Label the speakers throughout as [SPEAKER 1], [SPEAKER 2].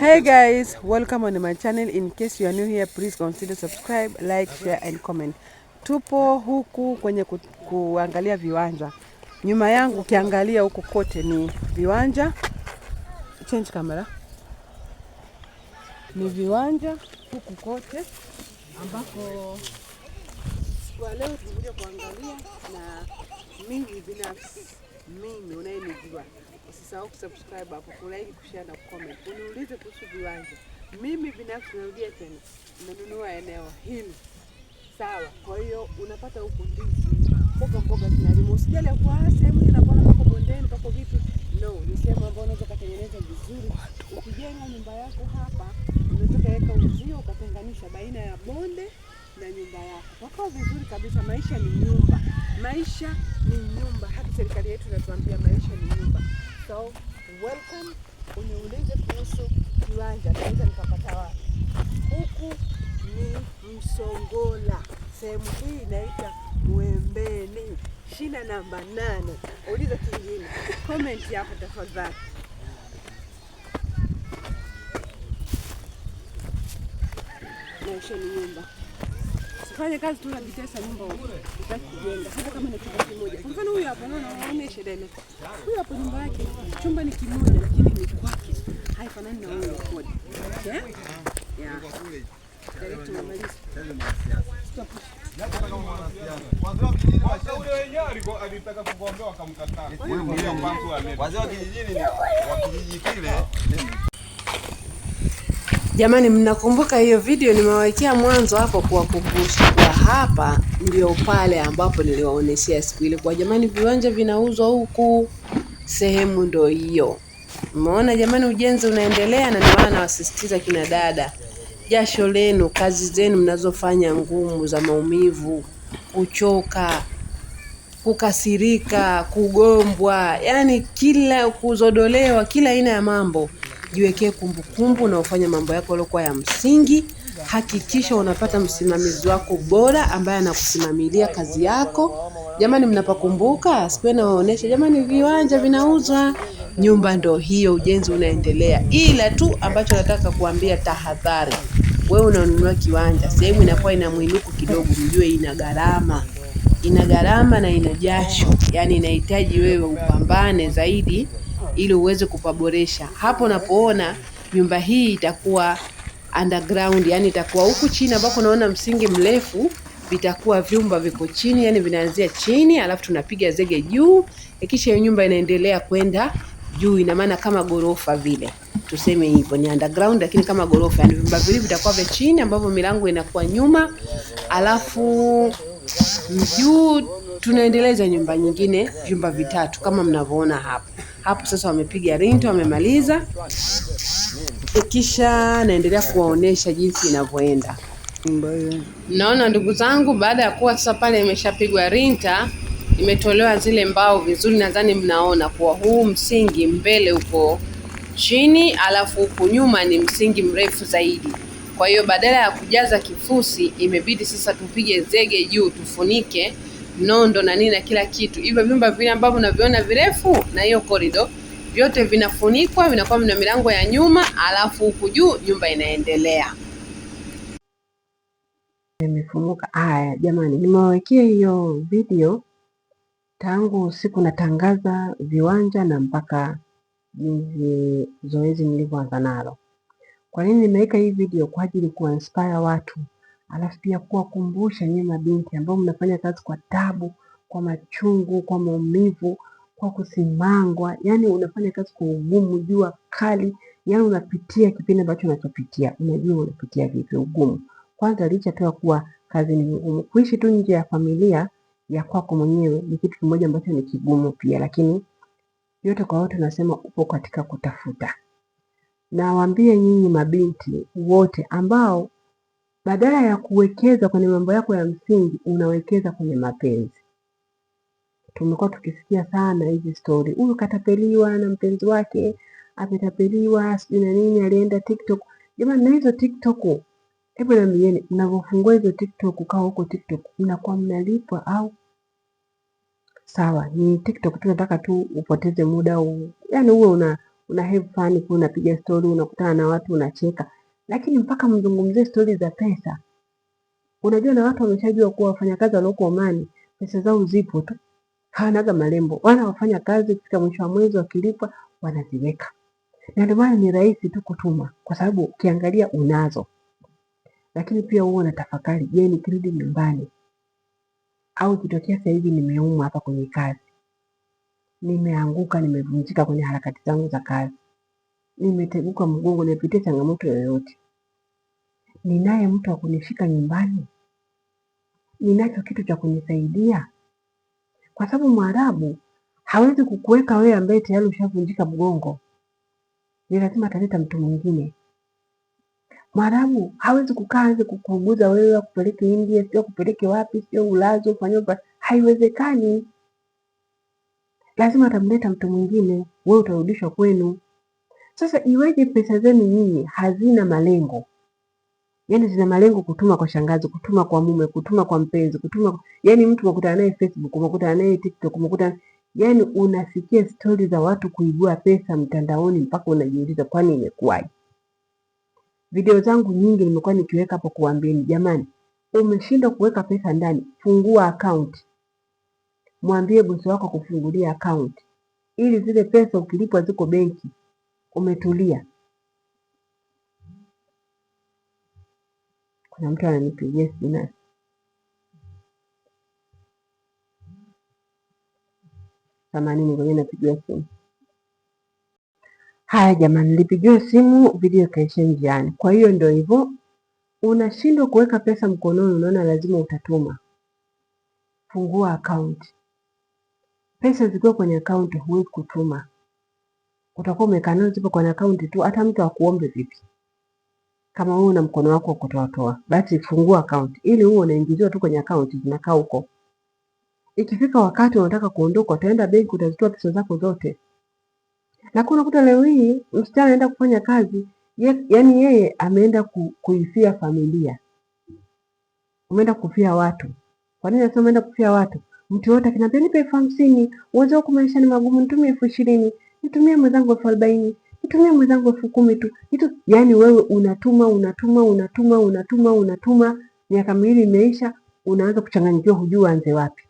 [SPEAKER 1] hey guys welcome on my channel in case you are new here please consider subscribe like share and comment tupo huku kwenye ku, kuangalia viwanja nyuma yangu ukiangalia huku kote ni viwanja change camera ni viwanja huku kote ambako kwa leo tumekuja kuangalia na mimi binafsi mimi unayenijua Usisahau kusubscribe hapo, kulike, kushare na kucomment. Uniulize kuhusu viwanja. Mimi binafsi narudia tena, nimenunua eneo hili sawa. Kwa hiyo unapata huko ndizi, mboga mboga zinalimwa, usijale kwa sehemu napona pako bondeni, pako vipi? No, ni sehemu ambayo unaweza kutengeneza vizuri. Ukijenga nyumba yako hapa, unaweza kuweka uzio ukatenganisha baina ya bonde na nyumba yako, wakawa vizuri kabisa. Maisha ni nyumba, maisha ni nyumba. Hata serikali yetu inatuambia maisha ni nyumba. So welcome, uniulize kuhusu kiwanja naweza nikapata wapi. Huku ni Msongola, sehemu hii inaita Mwembeni, shina namba nane. Uliza kingine, comment yako tafadhali. Naisheni nyumba fanya kazi tu unajitesa, nyumba utaki kujenga, hata kama ni chumba kimoja. Kwa mfano huyu hapa, naona naonyesha dele huyu hapo, nyumba yake chumba ni kimoja, lakini ni kwake, haifanani na wewe kodi. Okay, yeah, Wazee wa kijijini wa kijiji kile Jamani, mnakumbuka hiyo video nimewawekea mwanzo hapo kuwakumbusha kwa hapa ndio pale ambapo niliwaoneshea siku ile kwa jamani, viwanja vinauzwa huku, sehemu ndio hiyo. Umeona jamani, ujenzi unaendelea, na ndio maana nawasisitiza kina dada, jasho lenu, kazi zenu mnazofanya ngumu za maumivu, kuchoka, kukasirika, kugombwa, yani kila kuzodolewa, kila aina ya mambo jiwekee kumbukumbu unaofanya mambo yako yaliokuwa ya msingi. Hakikisha unapata msimamizi wako bora ambaye anakusimamilia kazi yako. Jamani, mnapakumbuka siku nawaonesha, jamani, viwanja vinauzwa, nyumba ndo hiyo, ujenzi unaendelea. Ila tu ambacho nataka kuambia, tahadhari, wewe unanunua kiwanja, sehemu inakuwa ina mwinuko kidogo, mjue ina gharama ina gharama na ina jasho, yaani inahitaji wewe upambane zaidi ili uweze kupaboresha. Hapo unapoona nyumba hii itakuwa underground, yani itakuwa huku chini ambako unaona msingi mrefu vitakuwa vyumba viko chini, yani vinaanzia chini alafu tunapiga zege juu, kisha hiyo nyumba inaendelea kwenda juu. Ina maana kama gorofa vile, tuseme hivyo ni underground, lakini kama gorofa, yani vyumba vile vitakuwa vya chini ambavyo milango inakuwa nyuma, alafu juu tunaendeleza nyumba nyingine, vyumba vitatu kama mnavyoona hapo hapo. Sasa wamepiga rinto, wamemaliza, kisha naendelea kuwaonesha jinsi inavyoenda. Naona ndugu zangu, baada ya kuwa sasa pale imeshapigwa rinta, imetolewa zile mbao vizuri, nadhani mnaona kuwa huu msingi mbele uko chini, alafu huku nyuma ni msingi mrefu zaidi. Kwa hiyo badala ya kujaza kifusi, imebidi sasa tupige zege juu, tufunike nondo na nini na kila kitu. Hivyo vyumba vile ambavyo unaviona virefu na hiyo korido vyote vinafunikwa, vinakuwa vina milango ya nyuma, alafu huku juu nyumba inaendelea imefumuka Haya jamani, nimewawekea hiyo video tangu siku natangaza viwanja na mpaka juzi zoezi nilivyoanza nalo. Kwa nini nimeweka hii video? Kwa ajili inspire watu, alafu pia kuwakumbusha nyinyi mabinti ambao mnafanya kazi kwa tabu, kwa machungu, kwa maumivu, kwa kusimangwa, yaani unafanya kazi kwa ugumu, jua kali, yaani unapitia kipindi ambacho unachopitia, unajua unapitia vipi ugumu. Kwanza licha tu ya kuwa kazi ni ngumu, kuishi tu nje ya familia ya kwako mwenyewe ni kitu kimoja ambacho ni kigumu pia, lakini yote kwa yote, unasema upo katika kutafuta nawaambie nyinyi mabinti wote ambao badala ya kuwekeza kwenye mambo yako ya msingi unawekeza kwenye mapenzi. Tumekuwa tukisikia sana hizi stori, huyu katapeliwa na mpenzi wake, ametapeliwa sijui na nini, alienda TikTok. Jamani, na hizo TikTok, hebu niambieni, mnavyofungua hizo TikTok ukawa huko TikTok mnakuwa mnalipwa au sawa? Ni TikTok tu, nataka tu upoteze muda huu, yani huwe una una have fun, unapiga stori, unakutana na watu, unacheka, lakini mpaka mzungumzie stori za pesa. Unajua, na watu wameshajua kuwa wafanyakazi walioko Omani pesa zao zipo tu, hawanaga malembo, wana wafanya kazi, kufika mwisho wa mwezi wakilipwa wanaziweka, na ndio maana ni rahisi tu kutuma, kwa sababu ukiangalia unazo. Lakini pia huo unatafakari, je, nikirudi nyumbani au kitokea sasa hivi nimeumwa hapa kwenye kazi nimeanguka, nimevunjika kwenye harakati zangu za kazi, nimeteguka mgongo, nimepitia changamoto yoyote, ninaye mtu wa kunifika nyumbani? Ninacho kitu cha kunisaidia? Kwa sababu Mwarabu hawezi kukuweka wewe ambaye tayari ushavunjika mgongo, ni lazima ataleta mtu mwingine. Mwarabu hawezi kukaa aanze kukuuguza wewe, akupeleke India, sio akupeleke wapi, sio ulazo, ufanyiwe, haiwezekani lazima atamleta mtu mwingine, wewe utarudishwa kwenu. Sasa iweje pesa zenu nyinyi hazina malengo? Yaani zina malengo kutuma kwa shangazi, kutuma kwa mume, kutuma kwa mpenzi, kutuma yaani mtu makutana naye Facebook, makutana naye TikTok, makutana yaani unasikia stori za watu kuibua pesa mtandaoni mpaka unajiuliza kwani imekuwaje? Video zangu nyingi nimekuwa nikiweka hapo kuambieni, jamani, umeshindwa kuweka pesa ndani, fungua akaunti mwambie bosi wako kufungulia akaunti, ili zile pesa ukilipwa ziko benki, umetulia. Kuna mtu ananipigia simu. Samahani, kwenye napigiwa simu. Haya jamani, nilipigiwa simu, video kaisha njiani. Kwa hiyo ndio hivyo, unashindwa kuweka pesa mkononi, unaona lazima utatuma. Fungua akaunti. Pesa zikiwa kwenye akaunti huwezi kutuma, utakuwa umekaa nazo zipo kwenye akaunti tu, hata mtu akuombe vipi? Kama wewe una mkono wako wa kutoatoa, basi fungua akaunti ili huo unaingiziwa tu kwenye akaunti, zinakaa huko. Ikifika wakati unataka kuondoka, utaenda benki, utazitoa pesa zako zote. Lakini unakuta leo hii msichana anaenda kufanya kazi ye, yani yeye ameenda ku, kuifia familia, umeenda kufia watu. Kwa nini nasema umeenda kufia watu? Mtu yote akiniambia nipe elfu hamsini, uwezo wako maisha ni magumu, nitumie elfu ishirini, nitumie mwenzangu elfu arobaini, nitumie mwenzangu elfu kumi tu nitu, yani wewe unatuma unatuma unatuma unatuma unatuma, miaka miwili imeisha, unaanza kuchanganyikiwa, hujui uanze wapi.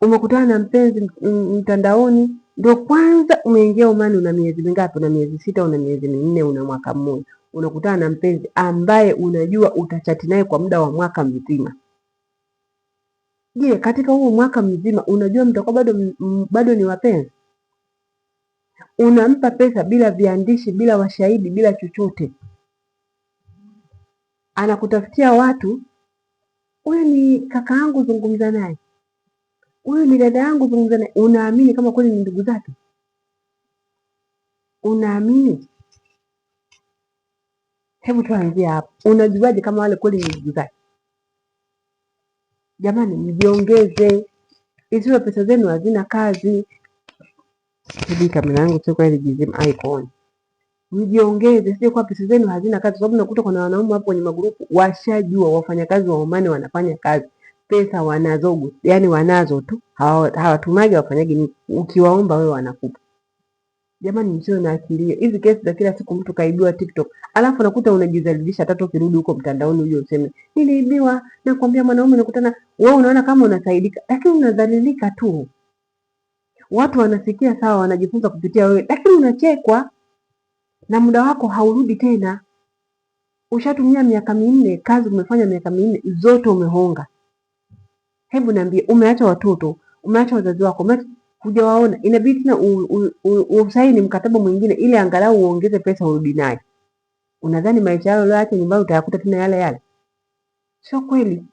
[SPEAKER 1] Umekutana na mpenzi mtandaoni, ndio kwanza umeingia umani, una miezi mingapi? Una miezi sita, una miezi minne, una mwaka mmoja, unakutana na mpenzi ambaye unajua utachati naye kwa muda wa mwaka mzima Je, katika huo mwaka mzima unajua mtakuwa bado bado ni wapenzi? Unampa pesa bila viandishi, bila washahidi, bila chochote, anakutafutia watu, huyu ni kaka yangu, zungumza naye, huyu ni dada yangu, zungumza naye. Unaamini kama kweli ni ndugu zake? Unaamini? Hebu tuanzie hapo. Unajuaje kama wale kweli ni ndugu zake? Jamani, mjiongeze, isiwe pesa zenu hazina kazi. Hii kamera yangu sio kweli jizima icon. Mjiongeze, sio kwa pesa zenu hazina kazi, sababu nakuta kuna wanaume hapo kwenye magrupu washajua wafanyakazi wa Omani wanafanya kazi pesa wanazo, yani wanazo tu, hawatumagi hawafanyagi nini. Ukiwaomba wewe wanakupa Jamani, msiwe na akilio. Hizi kesi za kila siku mtu kaibiwa TikTok, alafu nakuta unajizalilisha hata ukirudi huko mtandaoni uje useme niliibiwa. Nakwambia mwanaume, nakutana wewe, unaona kama unasaidika, lakini unadhalilika tu. Watu wanasikia sawa, wanajifunza kupitia wewe, lakini unachekwa na muda wako haurudi tena. Ushatumia miaka minne, kazi umefanya miaka minne zote umehonga. Hebu niambie, umeacha watoto, umeacha wazazi wako, umeacha hujawaona, inabidi tena usaini mkataba mwingine ili angalau uongeze pesa urudi naye. Unadhani maisha yao ulioacha nyumbani utayakuta tena yale yale? Sio kweli.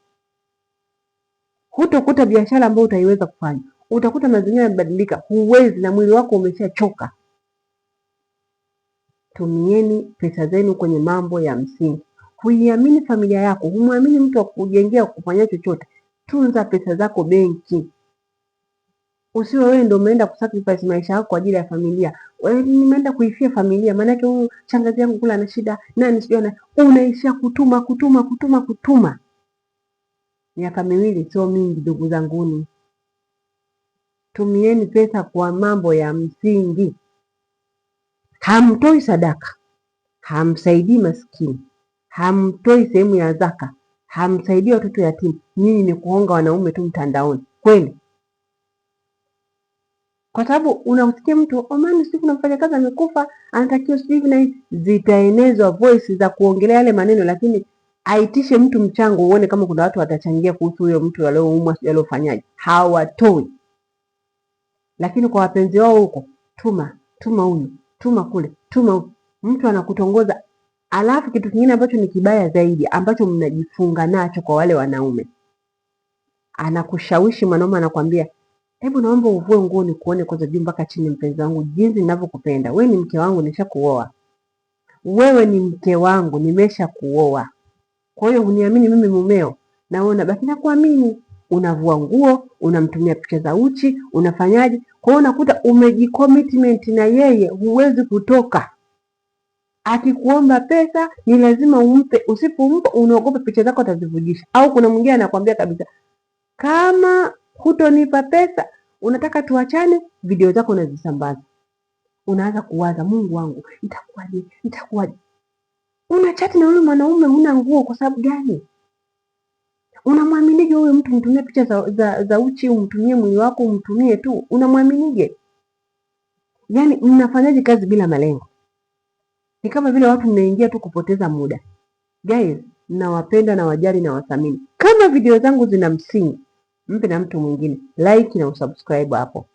[SPEAKER 1] Hutokuta biashara ambayo utaiweza kufanya, utakuta mazingira yamebadilika, huwezi na mwili wako umeshachoka. Tumieni pesa zenu kwenye mambo ya msingi. Huiamini familia yako, humwamini mtu wa kujengea kufanya chochote. Tunza pesa zako benki. Usiwe wewe ndio umeenda kusacrifice maisha yako kwa ajili ya familia. Wewe nimeenda kuifia familia, maana yake huyu shangazi yangu kula na shida, nani sio na unaishia kutuma kutuma kutuma kutuma. Miaka miwili sio mingi, ndugu zanguni. Tumieni pesa kwa mambo ya msingi. Hamtoi sadaka, hamsaidii maskini, hamtoi sehemu ya zaka, hamsaidii watoto yatima. Nyinyi ni kuonga wanaume tu mtandaoni, kweli? kwa sababu unamsikia mtu Omani, oh, siku kuna mfanyakazi amekufa, anatakiwa sijui hivi na hivi. Zitaenezwa voice za kuongelea yale maneno, lakini aitishe mtu mchango, uone kama kuna watu watachangia kuhusu huyo mtu alioumwa, sijui aliofanyaje. Hawatoi, lakini kwa wapenzi wao huko, tuma tuma huyu, tuma kule, tuma huyu. Mtu anakutongoza. Alafu kitu kingine ambacho ni kibaya zaidi ambacho mnajifunga nacho kwa wale wanaume, anakushawishi mwanaume, anakwambia Hebu naomba uvue nguo nikuone kwanza juu mpaka chini, mpenzi wangu, jinsi ninavyokupenda wewe. Ni mke wangu, nimeshakuoa wewe. Ni mke wangu, nimeshakuoa. Kwa hiyo uniamini mimi mumeo, na wewe unabaki na kuamini. Unavua nguo, unamtumia picha za uchi, unafanyaje? Kwa hiyo unakuta umejicommitment na yeye, huwezi kutoka. Akikuomba pesa ni lazima umpe, usipompa unaogopa picha zako atazivujisha. Au kuna mwingine anakuambia kabisa kama hutonipa pesa, unataka tuachane, video zako unazisambaza. Unaanza kuwaza, Mungu wangu, itakuwaje? Itakuwaje? Una na yule mwanaume, huna nguo kwa sababu gani? Unamwaminije huyu mtu? Mtumie picha za, za, za uchi, umtumie mwili wako, umtumie tu, unamwaminije? Yaani mnafanyaje kazi bila malengo? Ni kama vile watu mnaingia tu kupoteza muda. Guys, nawapenda na wajali na Kama video zangu zina msingi mpe na mtu mwingine, like na usubscribe hapo.